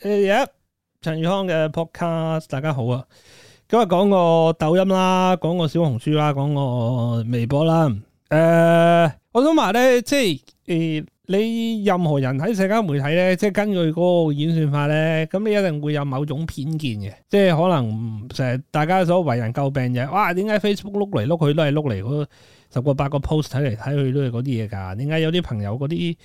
誒，陳宇康嘅 podcast，大家好啊！今日講個抖音啦，講個小紅書啦，講個微博啦。誒、uh，我想話咧，即係誒，uh, 你任何人喺社交媒體咧，即係根據嗰個演算法咧，咁你一定會有某種偏見嘅。即係可能成日大家所為人詬病嘅，哇！點解 Facebook 碌嚟碌去都係碌嚟十個八個 post 睇嚟睇去都係嗰啲嘢㗎？點解有啲朋友嗰啲？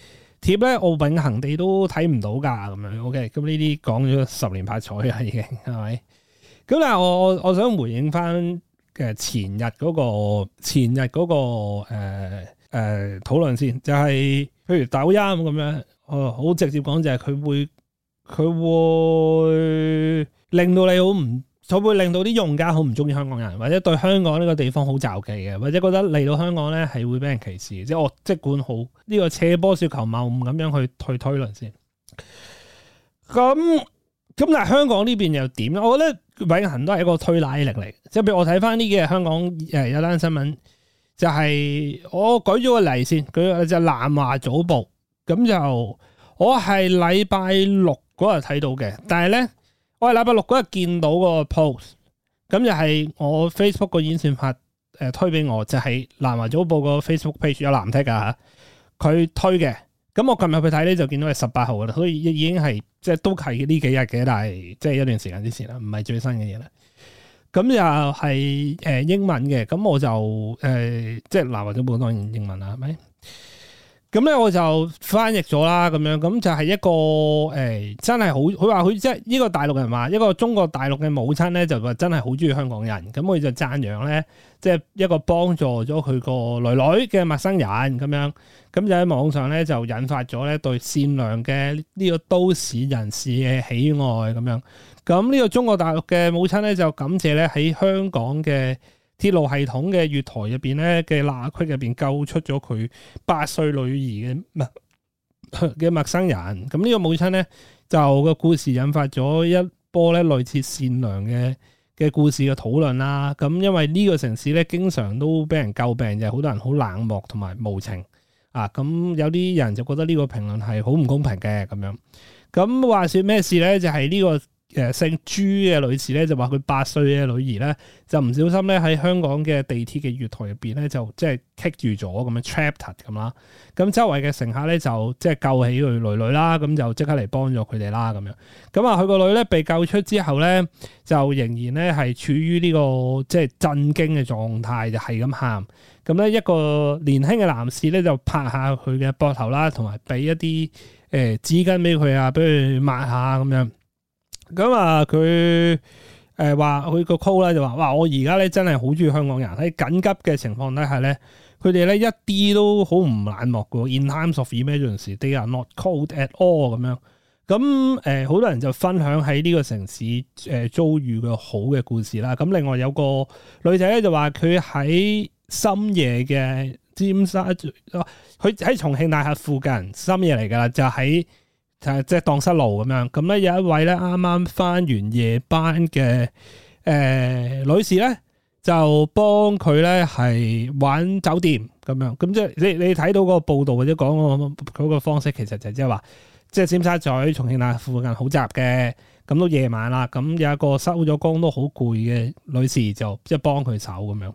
貼咧，我永恆地都睇唔到噶咁樣。OK，咁呢啲講咗十年八彩啊，已經係咪？咁但係我我想回應翻前日嗰，那個前日嗰，那個誒討論先，就係、是，譬如抖音咁樣，哦、呃，好直接講就係佢會佢會令到你好唔～就會令到啲用家好唔中意香港人，或者對香港呢個地方好就忌嘅，或者覺得嚟到香港咧係會俾人歧視。即係我，即管好呢、這個斜波雪球謬誤咁樣去推推論先。咁咁但係香港呢邊又點咧？我覺得永恆都係一個推拉力嚟。即係譬如我睇翻呢幾日香港誒，有單新聞就係、是、我舉咗個例先，舉就南華早報。咁就我係禮拜六嗰日睇到嘅，但係咧。我喺禮拜六嗰日見到個 post，咁就係我 Facebook 個演算法誒推俾我，就係南華早報個 Facebook page 有藍剔噶吓，佢推嘅，咁我撳入去睇咧就見到係十八號噶啦，所以已經係即係都係呢幾日嘅，但係即係一段時間之前啦，唔係最新嘅嘢啦。咁又係誒英文嘅，咁我就誒、呃、即係南華早報當然英文啦，係咪？咁咧我就翻譯咗啦，咁樣咁就係一個、欸、真係好，佢話佢即係呢個大陸人話，一個中國大陸嘅母親咧，就話真係好中意香港人，咁我就讚揚咧，即係一個幫助咗佢個女女嘅陌生人咁樣，咁就喺網上咧就引發咗咧對善良嘅呢個都市人士嘅喜愛咁樣，咁呢個中國大陸嘅母親咧就感謝咧喺香港嘅鐵路系統嘅月台入邊咧嘅罅隙入邊救出咗佢八歲女兒嘅，嘅陌生人。咁呢個母親咧就個故事引發咗一波咧類似善良嘅嘅故事嘅討論啦。咁因為呢個城市咧經常都俾人詬病，就係、是、好多人好冷漠同埋無情啊。咁有啲人就覺得呢個評論係好唔公平嘅咁樣。咁話說什麼事咩事咧？就係、是、呢、這個。誒姓朱嘅女士咧就話佢八歲嘅女兒咧就唔小心咧喺香港嘅地鐵嘅月台入邊咧就即係棘住咗咁樣 trapped 咁啦，咁周圍嘅乘客咧就即係救起佢女女啦，咁就即刻嚟幫咗佢哋啦咁樣。咁啊，佢個女咧被救出之後咧就仍然咧係處於呢個即係震驚嘅狀態，就係咁喊。咁咧一個年輕嘅男士咧就拍下佢嘅膊頭啦，同埋俾一啲誒紙巾俾佢啊，俾佢抹下咁樣。咁啊，佢誒話佢個 call 咧就話：哇！我而家咧真係好中意香港人喺緊急嘅情況底下咧，佢哋咧一啲都好唔冷漠㗎。In times of emergency，they are not cold at all 咁樣。咁誒，好多人就分享喺呢個城市、呃、遭遇嘅好嘅故事啦。咁另外有個女仔咧就話佢喺深夜嘅尖沙，佢、呃、喺重慶大廈附近深夜嚟噶啦，就喺、是。.即係蕩失路咁樣，咁咧有一位咧啱啱翻完夜班嘅誒、呃、女士咧，就幫佢咧係揾酒店咁樣，咁即係你你睇到嗰個報道或者講嗰個個方式，其實就即係話，即係尖沙咀重慶啊附近好雜嘅，咁都夜晚啦，咁有一個收咗工都好攰嘅女士就，就即係幫佢手咁樣，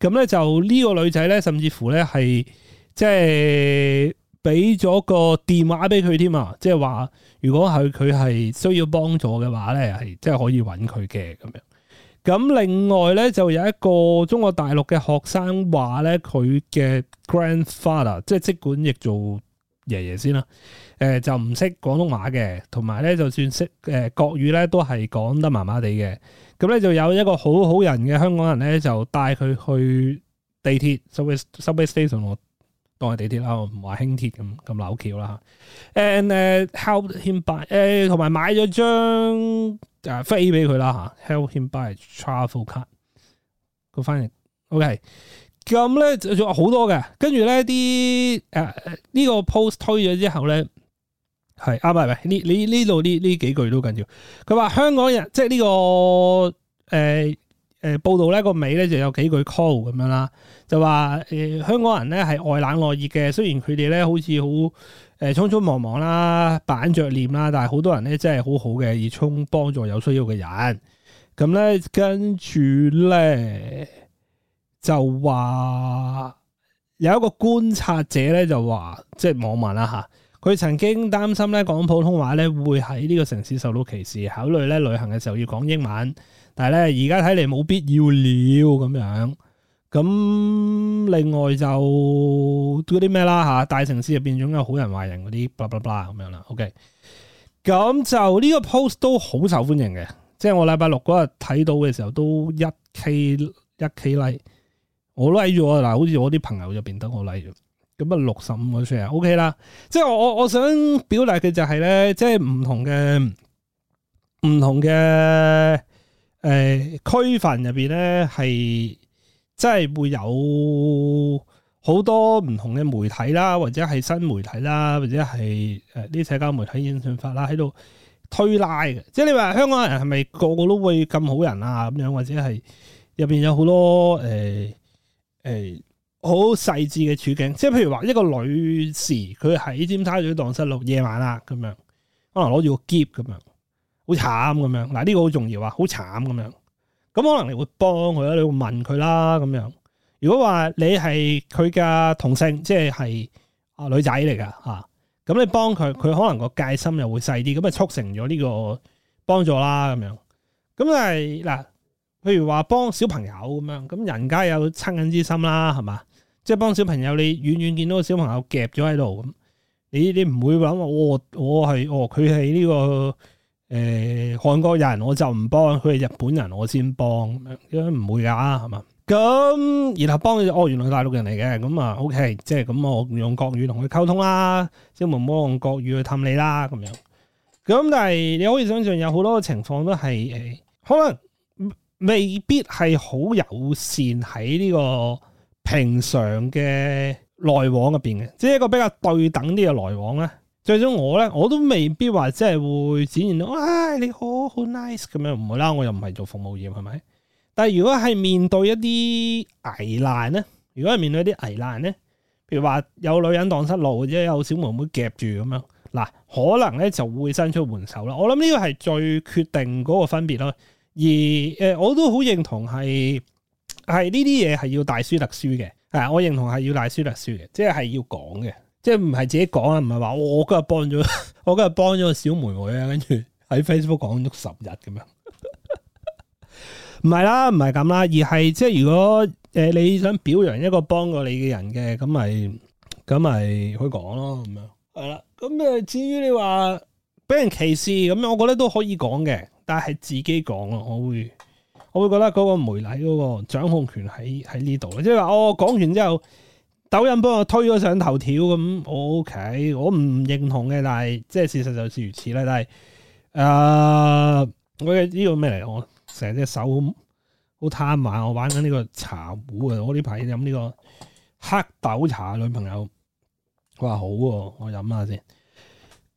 咁咧就呢個女仔咧，甚至乎咧係即係。俾咗個電話俾佢添啊，即係話如果係佢係需要幫助嘅話咧，係即係可以揾佢嘅咁樣。咁另外咧就有一個中國大陸嘅學生話咧，佢嘅 grandfather，即係即管譯做爺爺先啦、呃。就唔識廣東話嘅，同埋咧就算識誒、呃、國語咧，都係講得麻麻地嘅。咁咧就有一個好好人嘅香港人咧，就帶佢去地鐵 subway station 當係地鐵啦，我唔話輕鐵咁咁扭橋啦嚇。誒誒、uh,，help him buy 誒、uh,，同埋買咗張誒飛俾佢啦 Help him buy travel card、okay.。個翻譯 OK。咁咧就好多嘅，跟住咧啲誒呢個 post 推咗之後咧，係啱係咪？呢呢呢度呢呢幾句都緊要。佢話香港人即係、這、呢個誒。呃誒、呃、報道咧個尾咧就有幾句 call 咁樣啦，就話誒、呃、香港人咧係外冷內熱嘅，雖然佢哋咧好似好誒匆匆忙忙啦、板着臉啦，但係好多人咧真係好好嘅，熱衷幫助有需要嘅人。咁咧跟住咧就話有一個觀察者咧就話，即、就、係、是、網民啦、啊、嚇。佢曾經擔心咧講普通話咧會喺呢個城市受到歧視，考慮咧旅行嘅時候要講英文，但係咧而家睇嚟冇必要了咁樣。咁另外就嗰啲咩啦嚇，大城市入面總有好人壞人嗰啲，blah blah blah 咁樣啦。OK，咁就呢個 post 都好受歡迎嘅，即係我禮拜六嗰日睇到嘅時候都一 k 一 k like，我都 like 咗嗱，好似我啲朋友入邊得我 like。咁啊，六十五個 percent，OK 啦。即係我我我想表達嘅就係、是、咧，即係唔同嘅唔同嘅誒、呃、區分入面咧，係即係會有好多唔同嘅媒體啦，或者係新媒體啦，或者係誒啲社交媒體演算法啦，喺度推拉嘅。即係你話香港人係咪個個都會咁好人啊？咁樣或者係入面有好多誒、呃呃好細緻嘅處境，即係譬如話一個女士，佢喺尖沙咀蕩失路，夜晚啦咁樣，可能攞住個篋咁樣，好慘咁樣。嗱呢個好重要啊，好慘咁樣。咁可能你會幫佢啦，你會問佢啦咁樣。如果話你係佢嘅同性，即係係啊女仔嚟噶吓，咁你幫佢，佢可能個戒心又會細啲，咁啊促成咗呢個幫助啦咁樣。咁但係嗱，譬如話幫小朋友咁樣，咁人家有惻隱之心啦，係嘛？即係幫小朋友，你遠遠見到個小朋友夾咗喺度，咁你你唔會諗話、哦，我我係哦，佢係呢個誒韓國人，我就唔幫；佢係日本人，我先幫。唔會噶，係嘛？咁然後幫哦，原來係大陸人嚟嘅，咁啊，OK，即係咁，我用國語同佢溝通啦，即係唔好用國語去氹你啦，咁樣。咁但係你可以想象，有好多情況都係誒，可能未必係好友善喺呢、這個。平常嘅來往入邊嘅，即係一個比較對等啲嘅來往咧。最終我咧，我都未必話即係會展現到，唉、哎，你好，好 nice 咁樣，唔會啦，我又唔係做服務業，係咪？但係如果係面對一啲危難咧，如果係面對一啲危難咧，譬如話有女人蕩失路或者有小妹妹夾住咁樣，嗱，可能咧就會伸出援手啦。我諗呢個係最決定嗰個分別咯。而誒，我都好認同係。係呢啲嘢係要大書特書嘅，係我認同係要大書特書嘅，即係要講嘅，即係唔係自己講啊，唔係話我今日幫咗，我今日幫咗個小妹妹啊，跟住喺 Facebook 講咗十日咁樣，唔 係啦，唔係咁啦，而係即係如果誒、呃、你想表揚一個幫過你嘅人嘅，咁咪咁咪去講咯，咁樣係啦。咁誒至於你話俾人歧視咁樣，我覺得都可以講嘅，但係自己講咯，我會。我會覺得嗰個媒體嗰個掌控權喺喺呢度即係話哦，講完之後，抖音幫我推咗上頭條咁，OK，我唔認同嘅，但係即係事實就是如此啦。但係誒、呃這個，我呢個咩嚟？我成隻手好貪玩，我玩緊呢個茶壺啊！我呢排飲呢個黑豆茶，女朋友佢話好喎，我飲下先。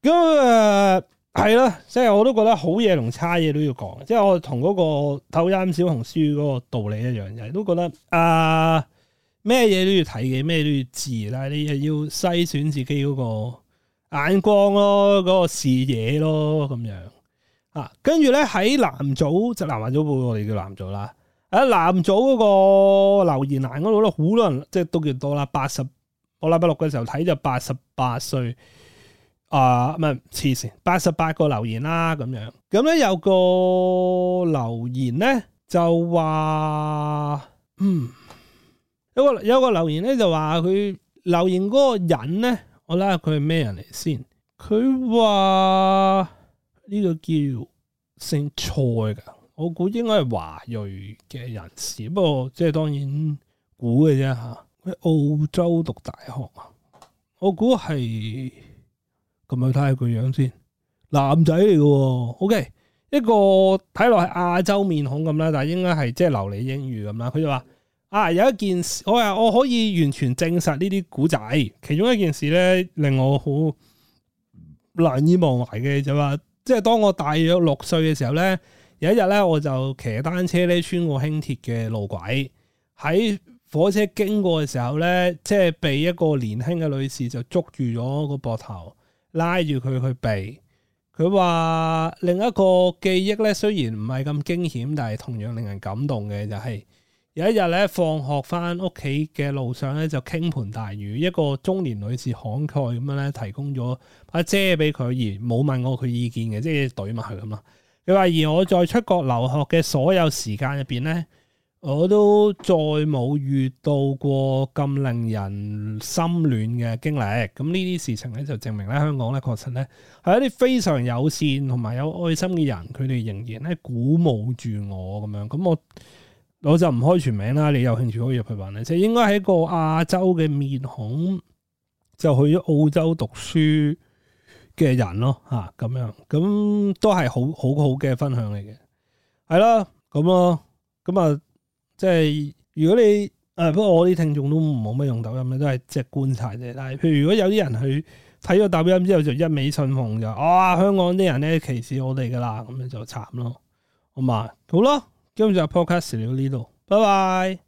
好啊。係咯，即係我都覺得好嘢同差嘢都要講，即係我同嗰個抖音小紅書嗰個道理一樣，就係，都覺得啊咩嘢都要睇嘅，咩都要知啦，你要篩選自己嗰個眼光咯，嗰，嗰個視野咯，咁樣啊。跟住咧喺男組就南華早報我，我哋叫男組啦。喺男組嗰個留言欄嗰度咧，好多人即係都叫多啦，八十我禮拜六嘅時候睇就八十八歲。啊、呃，唔係黐線，八十八個留言啦，啊，咁樣，咁咧有個留言咧就話，嗯，有個有個留言咧就話佢留言嗰個人咧，我諗下佢係咩人嚟先？佢話呢個叫姓蔡㗎，我估應該係華裔嘅人士，不過即係當然估嘅啫吓。喺澳洲讀大學啊，我估係。咁去睇下佢樣先，男仔嚟喎。OK，一個睇落係亞洲面孔咁啦，但係應該係即係流利英語咁啦。佢就話：啊，有一件事，我又我可以完全證實呢啲古仔。其中一件事咧，令我好難以忘懷嘅就話，即係當我大約六歲嘅時候咧，有一日咧，我就騎單車咧，穿過輕鐵嘅路軌，喺火車經過嘅時候咧，即係被一個年輕嘅女士就捉住咗個膊頭。拉住佢去避。佢話另一個記憶咧，雖然唔係咁驚險，但係同樣令人感動嘅就係、是、有一日咧，放學翻屋企嘅路上咧就傾盆大雨，一個中年女士慷慨咁樣咧提供咗把遮俾佢而冇問過佢意見嘅，即係懟埋佢咁咯。佢話而我在出國留學嘅所有時間入邊咧。我都再冇遇到過咁令人心暖嘅經歷，咁呢啲事情咧就證明咧香港咧確實咧係一啲非常友善同埋有愛心嘅人，佢哋仍然咧鼓舞住我咁樣，咁我我就唔開全名啦，你有興趣可以入去玩。即係應該喺一個亞洲嘅面孔，就去咗澳洲讀書嘅人咯，吓、啊、咁樣，咁都係好，好好好嘅分享嚟嘅。係啦，咁咯，咁啊。即係如果你、呃、不過我啲聽眾都冇乜用抖音嘅，都係即係觀察啫。但係譬如如果有啲人去睇咗抖音之後就一味信奉，就啊香港啲人咧歧視我哋噶啦，咁樣就慘咯。好嘛，好咯，今日就 podcast 聊到呢度，拜拜。